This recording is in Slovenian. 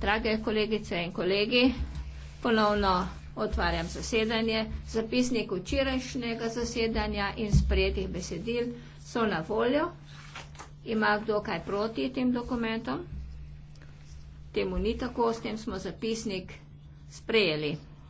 Drage kolegice in kolegi, ponovno otvarjam zasedanje. Zapisnik včerajšnjega zasedanja in sprejetih besedil so na voljo. Ima kdo kaj proti tem dokumentom? Temu ni tako, s tem smo zapisnik sprejeli.